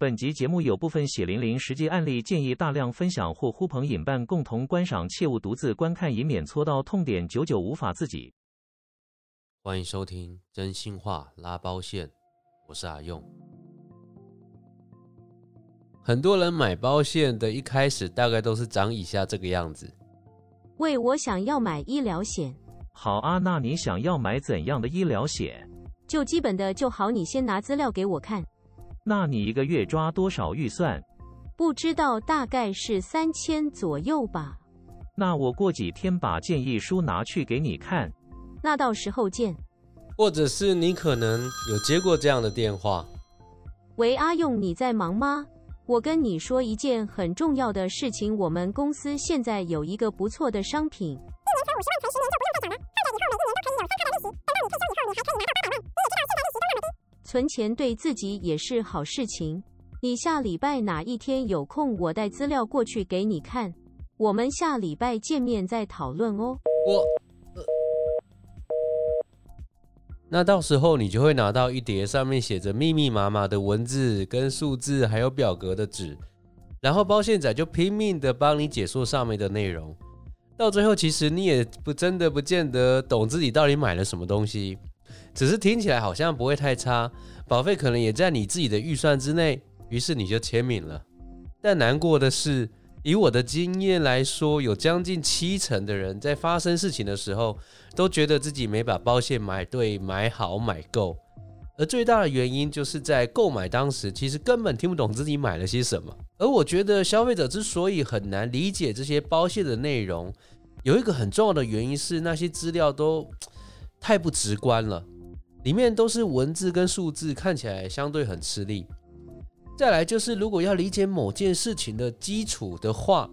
本集節目有部分血淋淋實際案例，建議大量分享或呼朋引伴共同觀賞，切勿獨自觀看，以免戳到痛點，久久無法自己。歡迎收聽《真心話拉包餡》，我是阿用。很多人買包餡的一開始大概都是長以下這個樣子。喂，我想要買醫療險。好啊，那你想要買怎樣的醫療險？就基本的就好，你先拿資料給我看。那你一個月抓多少預算？不知道，大概是三千左右吧。那我過幾天把建議書拿去給你看。那到時候見。或者是你可能有接過這樣的電話。喂，阿勇，你在忙嗎？我跟你說一件很重要的事情，我們公司現在有一個不錯的商品，一年存五十萬存十年就不用再繳了，再繳以後每一年都可以有三次的利息，等到你退休以後你還可以拿到八百萬。存錢對自己也是好事情。你下禮拜哪一天有空？我帶資料過去給你看。我們下禮拜見面再討論哦。我、呃,那到時候你就會拿到一疊上面寫着密密麻麻的文字跟數字，還有表格的紙。然後包餡仔就拼命的幫你解說上面的內容。到最後，其實你也不真的不見得懂自己到底買了什麼東西。只是聽起來好像不會太差，保費可能也在你自己的預算之內，於是你就簽名了。但難過的是，以我的經驗來說，有將近七成的人在發生事情的時候，都覺得自己沒把保險買對、買好、買夠。而最大的原因就是在購買當時，其實根本聽不懂自己買了些什麼。而我覺得消費者之所以很難理解這些保險的內容，有一個很重要的原因是那些資料都太不直觀了，裡面都是文字跟數字，看起來相對很吃力。再來就是，如果要理解某件事情的基礎的話，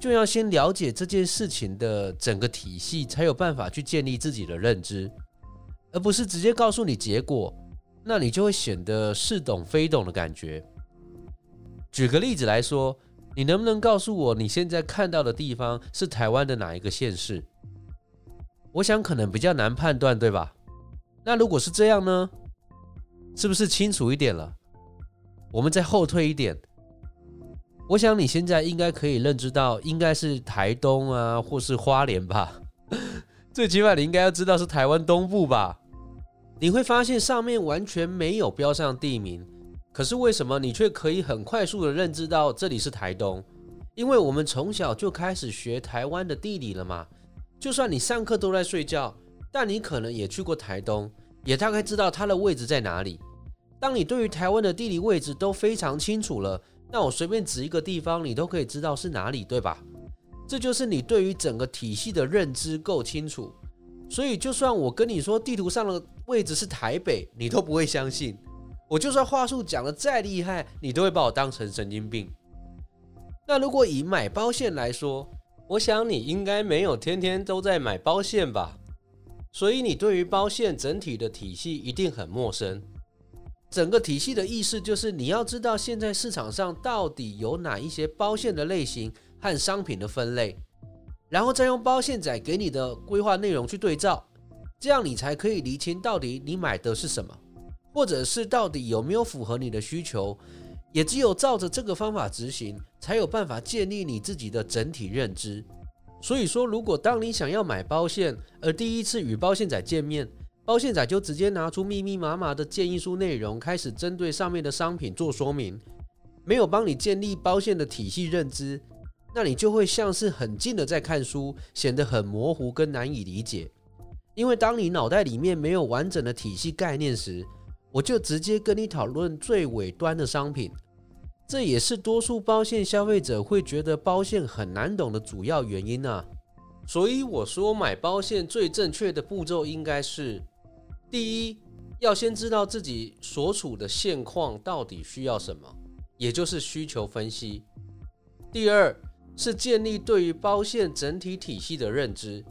就要先了解這件事情的整個體系，才有辦法去建立自己的認知，而不是直接告訴你結果，那你就會顯得似懂非懂的感覺。舉個例子來說，你能不能告訴我你現在看到的地方是台灣的哪一個縣市？我想可能比較難判斷，對吧？那如果是這樣呢？是不是清楚一點了？我們再後退一點。我想你現在應該可以認知到，應該是台東啊，或是花蓮吧。 最起碼你應該要知道是台灣東部吧？你會發現上面完全沒有標上地名，可是為什麼你卻可以很快速的認知到這裡是台東？因為我們從小就開始學台灣的地理了嘛。就算你上課都在睡覺，但你可能也去過台東，也大概知道它的位置在哪裡。當你對於台灣的地理位置都非常清楚了，那我隨便指一個地方，你都可以知道是哪裡，對吧？這就是你對於整個體系的認知夠清楚。所以，就算我跟你說地圖上的位置是台北，你都不會相信。我就算話術講得再厲害，你都會把我當成神經病。那如果以買保險來說，我想你應該沒有天天都在買包餡吧，所以你對於包餡整體的體系一定很陌生。整個體系的意思就是你要知道現在市場上到底有哪一些包餡的類型和商品的分類，然後再用包餡仔給你的規劃內容去對照，這樣你才可以釐清到底你買的是什麼，或者是到底有沒有符合你的需求。也只有照着這個方法執行，才有辦法建立你自己的整體認知。所以說，如果當你想要買包餡，而第一次與包餡仔見面，包餡仔就直接拿出密密麻麻的建議書內容，開始針對上面的商品做說明，沒有幫你建立包餡的體系認知，那你就會像是很近的在看書，顯得很模糊跟難以理解。因為當你腦袋裡面沒有完整的體系概念時，我就直接跟你討論最尾端的商品，這也是多數包線消費者會覺得包線很難懂的主要原因啊。所以我說買包線最正確的步驟應該是：第一，要先知道自己所處的現況到底需要什麼，也就是需求分析；第二，是建立對於包線整體體系的認知；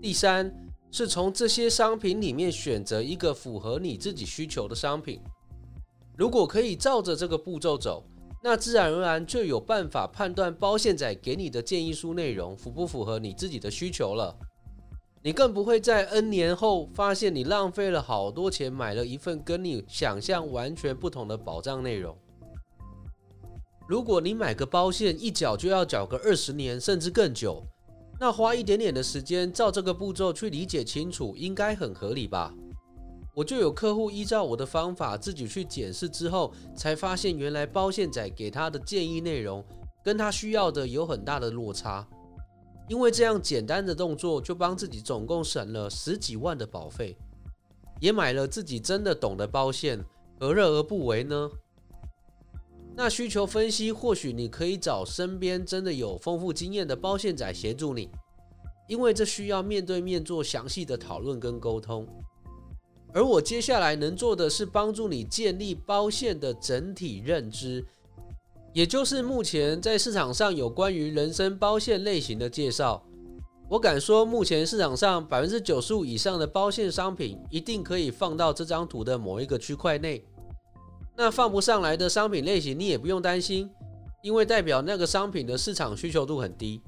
第三。是從這些商品裡面選擇一個符合你自己需求的商品。如果可以照着這個步驟走，那自然而然就有辦法判斷包餡仔給你的建議書內容符不符合你自己的需求了。你更不會在 N 年後發現你浪費了好多錢，買了一份跟你想象完全不同的保障內容。如果你買個保險，一繳就要繳個二十年甚至更久。那花一點點的時間，照這個步驟去理解清楚，應該很合理吧？我就有客戶依照我的方法自己去檢視之後，才發現原來包餡仔給他的建議內容跟他需要的有很大的落差。因為這樣簡單的動作，就幫自己總共省了十幾萬的保費，也買了自己真的懂的包餡，何樂而不為呢？那需求分析，或許你可以找身邊真的有豐富經驗的包餡仔協助你，因為這需要面對面做詳細的討論跟溝通。而我接下來能做的是幫助你建立包餡的整體認知，也就是目前在市場上有關於人身包餡類型的介紹。我敢說，目前市場上百分之九十五以上的包餡商品一定可以放到這張圖的某一個區塊內。那放不上來的商品類型，你也不用擔心，因為代表那個商品的市場需求度很低。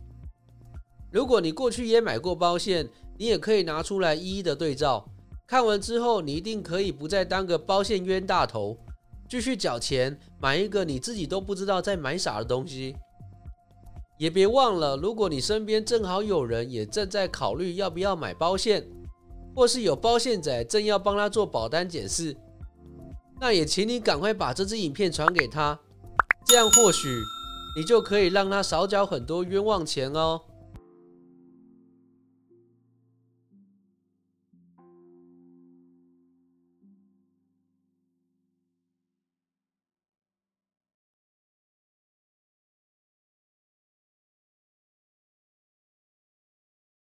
如果你過去也買過包餡，你也可以拿出來一一的對照，看完之後，你一定可以不再當個包餡冤大頭，繼續繳錢買一個你自己都不知道在買啥的東西。也別忘了，如果你身邊正好有人也正在考慮要不要買包餡，或是有包餡仔正要幫他做保單檢視。那也請你趕快把這支影片傳給他，這樣或許你就可以讓他少繳很多冤枉錢哦。